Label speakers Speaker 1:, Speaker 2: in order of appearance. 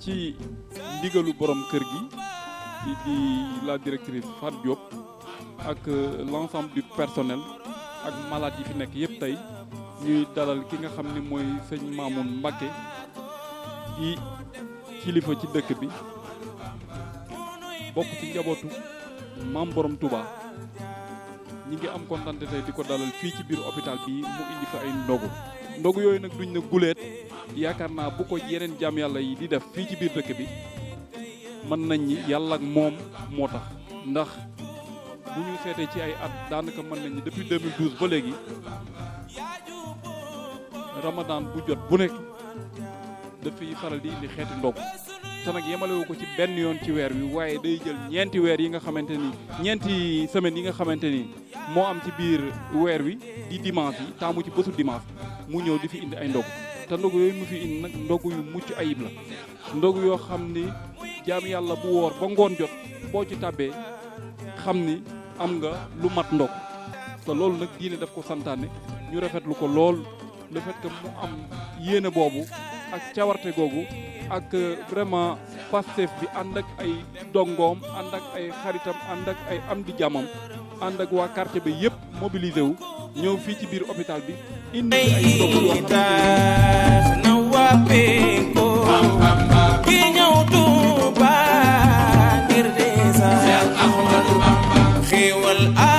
Speaker 1: ci ndigalu borom kër gi di la directrice Fat Diop ak euh, l'ensemble du personnel ak malaat yi fi nekk yëpp tey ñuy dalal ki nga xam ni mooy sëñ Mamoune Mbacké di kilifa ci dëkk bi bokk ci njabootu maam borom Touba ñi ngi am kontante tey di ko dalal fii ci biir hôpital bi mu indi fa ay ndogu ndogu yooyu nag duñ na guleet yaakaar naa bu ko yeneen jaam yàlla yi di def fii ci biir dëkk bi mën nañ yàlla ak moom moo tax ndax bu ñu seetee ci ay at daanaka mën nañ ni depuis ba léegi ramadan bu jot bu nekk dafay faral di indi xeeti ndog te nag yemalewu ko ci benn yoon ci weer wi waaye day jël ñeenti weer yi nga xamante ni ñeenti semaines yi nga xamante ni moo am ci biir weer wi di dimanche yi taamu ci bésu dimanche mu ñëw di fi indi ay ndog te ndogu yooyu mu fi indi nag ndogu yu mucc ayib la ndogu yoo xam ni jaam yàlla bu woor ba ngoon jot boo ci tàbbee xam ni am nga lu mat ndog sa loolu nag diine daf ko santaane ñu rafet lu ko lool le fait que mu am yéene boobu ak cawarte googu ak euh, vraiment Pastef bi ànd ak ay dongoom ànd ak ay xaritam ànd ak ay am di jàmmam ànd ak waa quartier bi yëpp mobilisé wu ñëw fii ci biir hôpital bi indi ay ndogu والأرض